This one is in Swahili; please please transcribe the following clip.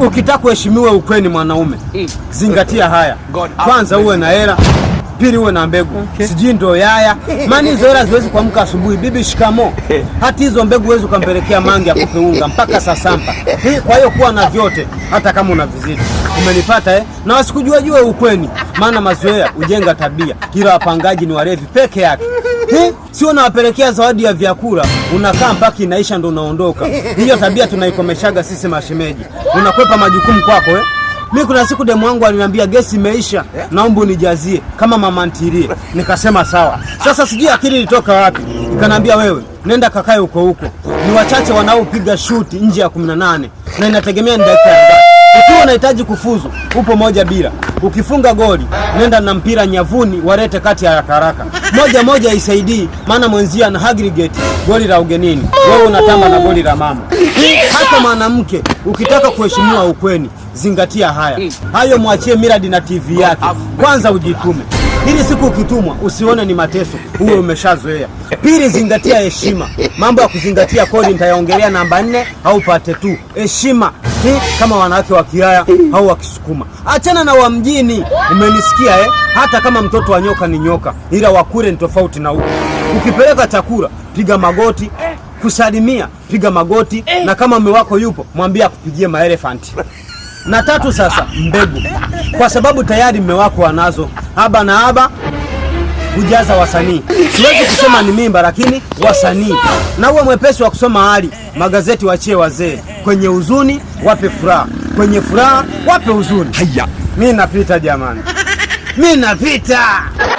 Ukitaka kuheshimiwa ukweni mwanaume, eh. zingatia haya. Kwanza uwe na hela, pili uwe na mbegu. Okay. Sijui ndo yaya, maana hizo hela ziwezi kuamka asubuhi. Bibi shikamo, hata hizo mbegu huwezi ukampelekea mangi akupe unga mpaka saa hii eh, Kwa hiyo kuwa na vyote, hata kama una vizidi. Umenipata eh? Na jua ukweni, maana mazoea hujenga tabia, ila wapangaji ni walevi peke yake. Eh, si unawapelekea zawadi ya vyakula, unakaa mpaka inaisha ndo unaondoka. Hiyo tabia tunaikomeshaga sisi mashemeji, unakwepa majukumu kwako eh? Mi kuna siku demu wangu aliniambia gesi imeisha, naomba unijazie kama mama ntilie. Nikasema sawa. Sasa sijui akili ilitoka wapi, ikaniambia wewe nenda kakae huko huko. Ni wachache wanaopiga shuti nje ya 18 na inategemea ni dakika unahitaji kufuzu, upo moja bila. Ukifunga goli nenda na mpira nyavuni, walete kati ya haraka Moja moja isaidii, maana mwenzia na aggregate goli la ugenini, wewe unatamba na goli la mama. Hata mwanamke ukitaka kuheshimiwa ukweni, zingatia haya hayo, mwachie Miradi na TV yake kwanza, ujitume Hili siku ukitumwa usione ni mateso, uwe umeshazoea. Pili, zingatia heshima. Mambo ya kuzingatia kodi nitayaongelea namba nne au pate tu heshima si kama wanawake wa Kiaya au wa Kisukuma. Achana na wa mjini, umenisikia eh? Hata kama mtoto wa nyoka ni nyoka, ila Wakure ni tofauti na huko. Ukipeleka chakula piga magoti, kusalimia piga magoti, na kama mume wako yupo mwambie akupigie maelefanti. Na tatu sasa, mbegu, kwa sababu tayari mume wako anazo haba na haba hujaza wasanii. Siwezi kusema ni mimba, lakini wasanii na uwe mwepesi wa kusoma hali. Magazeti wachie wazee, kwenye huzuni wape furaha, kwenye furaha wape huzuni. Haya, mimi napita jamani, mimi napita.